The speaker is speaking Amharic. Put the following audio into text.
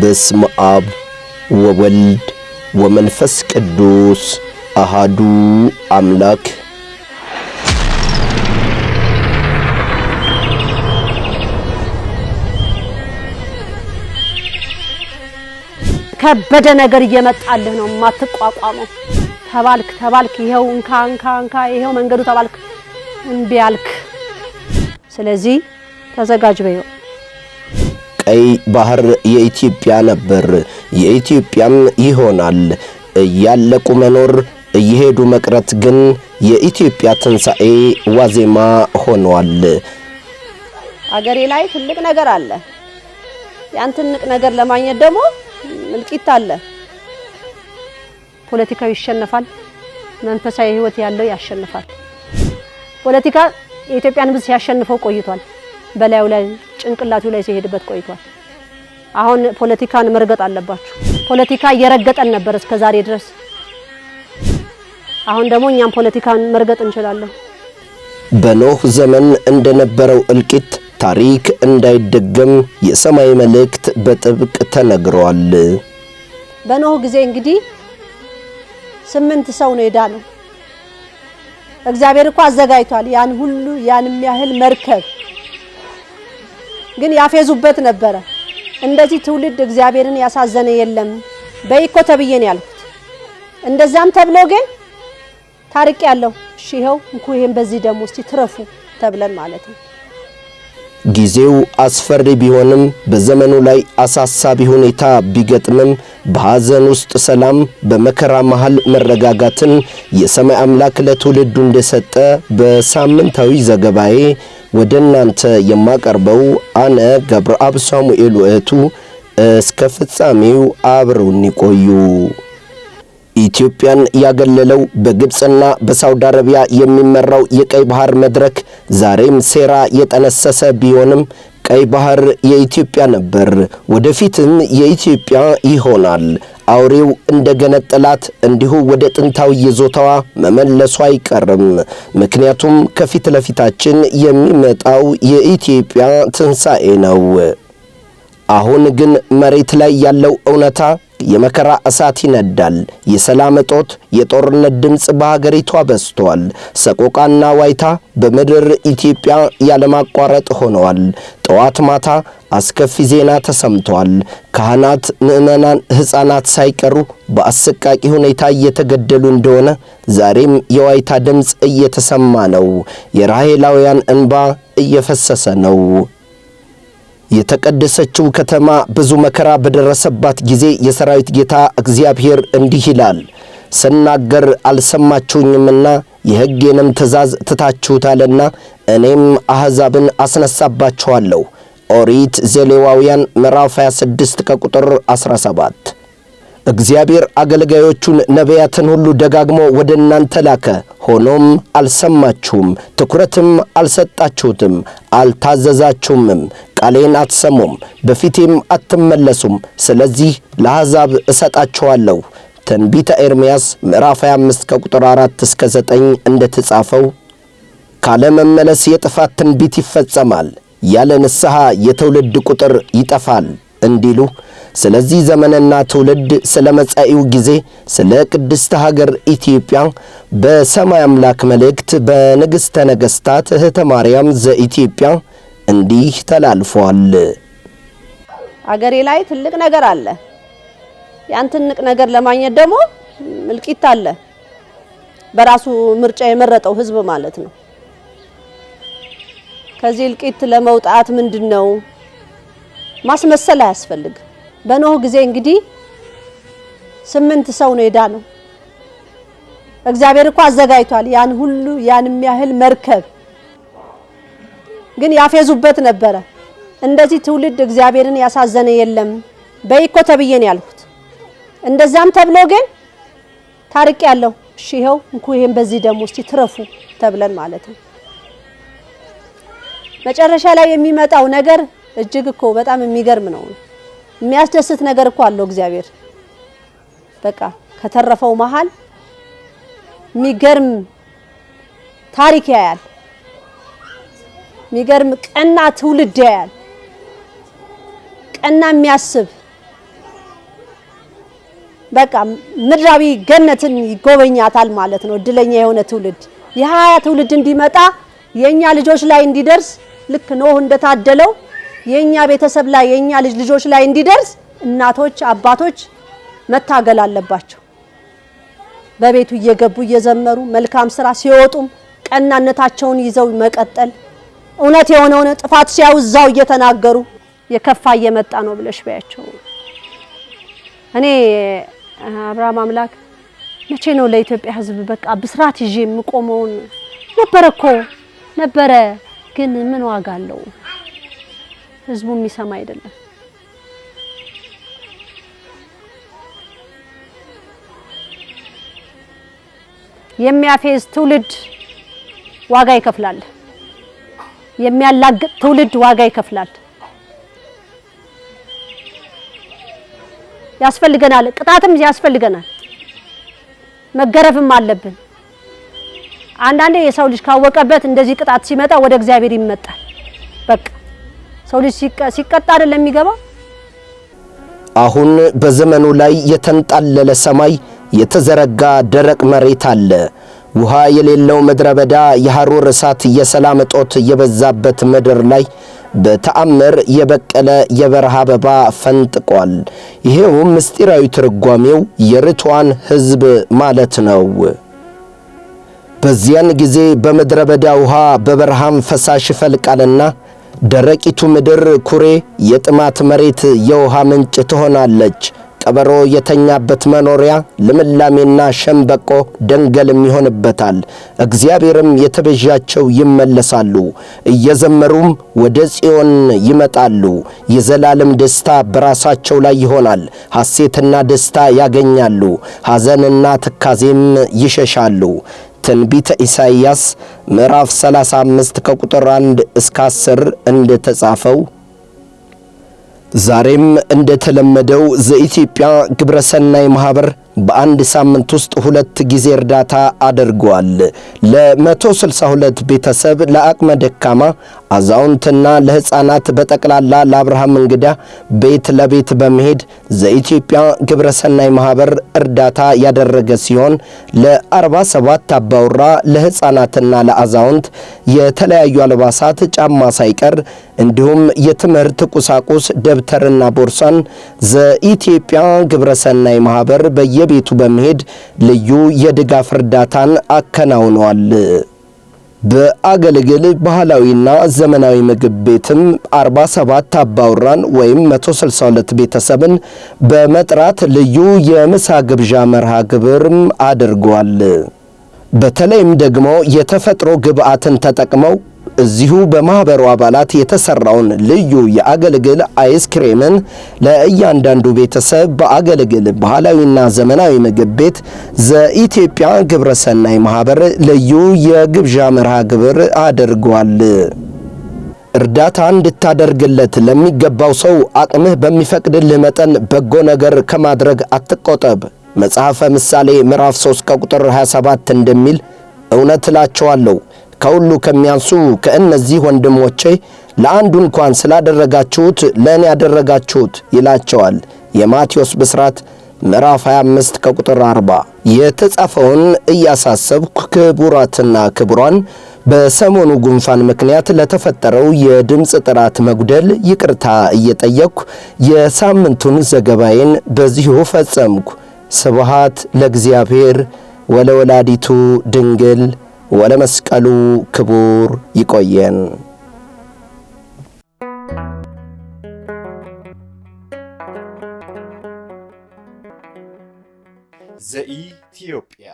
በስመ አብ ወወልድ ወመንፈስ ቅዱስ አሃዱ አምላክ። ከበደ ነገር እየመጣልህ ነው የማትቋቋመው። ተባልክ ተባልክ፣ ይኸው እንካ እንካ እንካ፣ ይኸው መንገዱ ተባልክ፣ እምቢ አልክ። ስለዚህ ተዘጋጅ በይው። ቀይ ባህር የኢትዮጵያ ነበር፣ የኢትዮጵያም ይሆናል። እያለቁ መኖር እየሄዱ መቅረት ግን የኢትዮጵያ ትንሣኤ ዋዜማ ሆኗል። አገሬ ላይ ትልቅ ነገር አለ። ያን ትልቅ ነገር ለማግኘት ደግሞ እልቂት አለ። ፖለቲካው ይሸነፋል። መንፈሳዊ ህይወት ያለው ያሸንፋል። ፖለቲካ የኢትዮጵያን ሕዝብ ሲያሸንፈው ቆይቷል። በላዩ ላይ ጭንቅላቱ ላይ ሲሄድበት ቆይቷል። አሁን ፖለቲካን መርገጥ አለባችሁ። ፖለቲካ እየረገጠን ነበር እስከ ዛሬ ድረስ። አሁን ደግሞ እኛም ፖለቲካን መርገጥ እንችላለን። በኖህ ዘመን እንደነበረው እልቂት ታሪክ እንዳይደገም የሰማይ መልእክት በጥብቅ ተነግሯል። በኖህ ጊዜ እንግዲህ ስምንት ሰው ነው የዳነው። እግዚአብሔር እኮ አዘጋጅቷል ያን ሁሉ ያን ያህል መርከብ ግን ያፌዙበት ነበረ። እንደዚህ ትውልድ እግዚአብሔርን ያሳዘነ የለም። በይኮ ተብዬ ያልኩት። እንደዛም ተብሎ ግን ታርቅ ያለው እሺ፣ ይኸው እንኩ ይሄን በዚህ ደግሞ እስቲ ትረፉ ተብለን ማለት ነው። ጊዜው አስፈሪ ቢሆንም በዘመኑ ላይ አሳሳቢ ሁኔታ ቢገጥምም በሐዘን ውስጥ ሰላም፣ በመከራ መሃል መረጋጋትን የሰማይ አምላክ ለትውልዱ እንደሰጠ በሳምንታዊ ዘገባዬ ወደ እናንተ የማቀርበው አነ ገብረአብ ሳሙኤል ውእቱ። እስከ ፍጻሜው አብረውን ይቆዩ። ኢትዮጵያን ያገለለው በግብፅና በሳውዲ አረቢያ የሚመራው የቀይ ባህር መድረክ ዛሬም ሴራ የጠነሰሰ ቢሆንም ቀይ ባህር የኢትዮጵያ ነበር፣ ወደፊትም የኢትዮጵያ ይሆናል። አውሬው እንደ እንዲሁ ወደ ጥንታዊ ይዞታዋ መመለሱ አይቀርም። ምክንያቱም ከፊት ለፊታችን የሚመጣው የኢትዮጵያ ትንሣኤ ነው። አሁን ግን መሬት ላይ ያለው እውነታ የመከራ እሳት ይነዳል። የሰላም እጦት፣ የጦርነት ድምፅ በሀገሪቷ በዝቷል። ሰቆቃና ዋይታ በምድር ኢትዮጵያ ያለማቋረጥ ሆነዋል። ጠዋት ማታ አስከፊ ዜና ተሰምቷል። ካህናት፣ ምዕመናን፣ ሕፃናት ሳይቀሩ በአሰቃቂ ሁኔታ እየተገደሉ እንደሆነ ዛሬም የዋይታ ድምፅ እየተሰማ ነው። የራሄላውያን እንባ እየፈሰሰ ነው። የተቀደሰችው ከተማ ብዙ መከራ በደረሰባት ጊዜ የሰራዊት ጌታ እግዚአብሔር እንዲህ ይላል፣ ስናገር አልሰማችሁኝምና የሕጌንም ትእዛዝ ትታችሁታልና እኔም አሕዛብን አስነሳባችኋለሁ። ኦሪት ዘሌዋውያን ምዕራፍ 26 ከቁጥር 17። እግዚአብሔር አገልጋዮቹን ነቢያትን ሁሉ ደጋግሞ ወደ እናንተ ላከ። ሆኖም አልሰማችሁም፣ ትኩረትም አልሰጣችሁትም፣ አልታዘዛችሁምም። ቃሌን አትሰሙም፣ በፊቴም አትመለሱም። ስለዚህ ለአሕዛብ እሰጣቸዋለሁ ትንቢተ ኤርምያስ ምዕራፍ 25 ከቁጥር 4 እስከ 9 እንደተጻፈው ካለመመለስ የጥፋት ትንቢት ይፈጸማል፣ ያለ ንስሐ የትውልድ ቁጥር ይጠፋል እንዲሉ ስለዚህ ዘመንና ትውልድ ስለ መጻኢው ጊዜ ስለ ቅድስተ ሀገር ኢትዮጵያ በሰማይ አምላክ መልእክት በንግሥተ ነገሥታት እህተ ማርያም ዘኢትዮጵያ እንዲህ ተላልፏል። አገሬ ላይ ትልቅ ነገር አለ። ያን ትንቅ ነገር ለማግኘት ደግሞ እልቂት አለ። በራሱ ምርጫ የመረጠው ህዝብ ማለት ነው። ከዚህ እልቂት ለመውጣት ምንድን ነው ማስመሰል አያስፈልግም። በኖህ ጊዜ እንግዲህ ስምንት ሰው ነው የዳነው። እግዚአብሔር እኮ አዘጋጅቷል ያን ሁሉ ያን የሚያህል መርከብ ግን ያፌዙበት ነበረ። እንደዚህ ትውልድ እግዚአብሔርን ያሳዘነ የለም። በይኮ ተብዬ ያልኩት። እንደዛም ተብሎ ግን ታርቅ ያለው እሺ፣ ይኸው እንኩ ይሄን በዚህ ደግሞ እስቲ ትረፉ ተብለን ማለት ነው። መጨረሻ ላይ የሚመጣው ነገር እጅግ እኮ በጣም የሚገርም ነው። የሚያስደስት ነገር እኮ አለው እግዚአብሔር። በቃ ከተረፈው መሀል የሚገርም ታሪክ ያያል። የሚገርም ቀና ትውልድ ያያል። ቀና የሚያስብ በቃ ምድራዊ ገነትን ይጎበኛታል ማለት ነው። እድለኛ የሆነ ትውልድ የሀያ ትውልድ እንዲመጣ የእኛ ልጆች ላይ እንዲደርስ ልክ ኖህ እንደታደለው የእኛ ቤተሰብ ላይ የእኛ ልጅ ልጆች ላይ እንዲደርስ እናቶች፣ አባቶች መታገል አለባቸው። በቤቱ እየገቡ እየዘመሩ መልካም ስራ ሲወጡም ቀናነታቸውን ይዘው መቀጠል እውነት የሆነውን ጥፋት ሲያዩ እዛው እየተናገሩ የከፋ እየመጣ ነው ብለሽ በያቸው። እኔ አብርሃም አምላክ መቼ ነው ለኢትዮጵያ ሕዝብ በቃ ብስራት ይዤ የምቆመውን? ነበረ እኮ ነበረ፣ ግን ምን ዋጋ አለው? ሕዝቡ የሚሰማ አይደለም። የሚያፌዝ ትውልድ ዋጋ ይከፍላል። የሚያላግጥ ትውልድ ዋጋ ይከፍላል። ያስፈልገናል፣ ቅጣትም ያስፈልገናል፣ መገረፍም አለብን። አንዳንዴ የሰው ልጅ ካወቀበት እንደዚህ ቅጣት ሲመጣ ወደ እግዚአብሔር ይመጣል። በቃ ሰው ልጅ ሲቀጣ አይደለም የሚገባው። አሁን በዘመኑ ላይ የተንጣለለ ሰማይ፣ የተዘረጋ ደረቅ መሬት አለ። ውሃ የሌለው ምድረ በዳ የሐሩር እሳት የሰላም እጦት የበዛበት ምድር ላይ በተአምር የበቀለ የበረሃ አበባ ፈንጥቋል። ይሄውም ምስጢራዊ ትርጓሜው የርቷን ሕዝብ ማለት ነው። በዚያን ጊዜ በምድረ በዳ ውሃ በበረሃም ፈሳሽ ይፈልቃልና ደረቂቱ ምድር ኩሬ፣ የጥማት መሬት የውሃ ምንጭ ትሆናለች። ቀበሮ የተኛበት መኖሪያ ልምላሜና ሸንበቆ ደንገልም ይሆንበታል። እግዚአብሔርም የተቤዣቸው ይመለሳሉ፣ እየዘመሩም ወደ ጽዮን ይመጣሉ። የዘላለም ደስታ በራሳቸው ላይ ይሆናል። ሐሴትና ደስታ ያገኛሉ፣ ሐዘንና ትካዜም ይሸሻሉ። ትንቢተ ኢሳይያስ ምዕራፍ 35 ከቁጥር 1 እስከ 10 እንደተጻፈው ዛሬም እንደተለመደው ዘኢትዮጵያ ግብረሰናይ ማህበር በአንድ ሳምንት ውስጥ ሁለት ጊዜ እርዳታ አድርጓል። ለ162 ቤተሰብ፣ ለአቅመ ደካማ አዛውንትና ለሕፃናት በጠቅላላ ለአብርሃም እንግዳ ቤት ለቤት በመሄድ ዘኢትዮጵያ ግብረሰናይ ማህበር እርዳታ ያደረገ ሲሆን ለ 47 አባውራ ለህፃናትና ለአዛውንት የተለያዩ አልባሳት፣ ጫማ ሳይቀር እንዲሁም የትምህርት ቁሳቁስ ደብተርና ቦርሳን ዘኢትዮጵያ ግብረሰናይ ማህበር በየቤቱ በመሄድ ልዩ የድጋፍ እርዳታን አከናውኗል በአገልግል ባህላዊና ዘመናዊ ምግብ ቤትም 47 አባውራን ወይም 162 ቤተሰብን በመጥራት ልዩ የምሳ ግብዣ መርሃ ግብርም አድርጓል። በተለይም ደግሞ የተፈጥሮ ግብዓትን ተጠቅመው እዚሁ በማህበሩ አባላት የተሰራውን ልዩ የአገልግል አይስክሬምን ለእያንዳንዱ ቤተሰብ በአገልግል ባህላዊና ዘመናዊ ምግብ ቤት ዘኢትዮጵያ ግብረሰናይ ማህበር ልዩ የግብዣ መርሃ ግብር አድርጓል። እርዳታ እንድታደርግለት ለሚገባው ሰው አቅምህ በሚፈቅድልህ መጠን በጎ ነገር ከማድረግ አትቆጠብ። መጽሐፈ ምሳሌ ምዕራፍ 3 ከቁጥር 27 እንደሚል እውነት እላችኋለሁ ከሁሉ ከሚያንሱ ከእነዚህ ወንድሞቼ ለአንዱ እንኳን ስላደረጋችሁት ለእኔ ያደረጋችሁት ይላቸዋል። የማቴዎስ ብስራት ምዕራፍ 25 ከቁጥር 40። የተጻፈውን እያሳሰብኩ ክቡራትና ክቡራን በሰሞኑ ጉንፋን ምክንያት ለተፈጠረው የድምፅ ጥራት መጉደል ይቅርታ እየጠየቅኩ የሳምንቱን ዘገባዬን በዚሁ ፈጸምኩ። ስብሃት ለእግዚአብሔር ወለወላዲቱ ድንግል ወደ መስቀሉ ክቡር ይቆየን። ዘኢትዮጵያ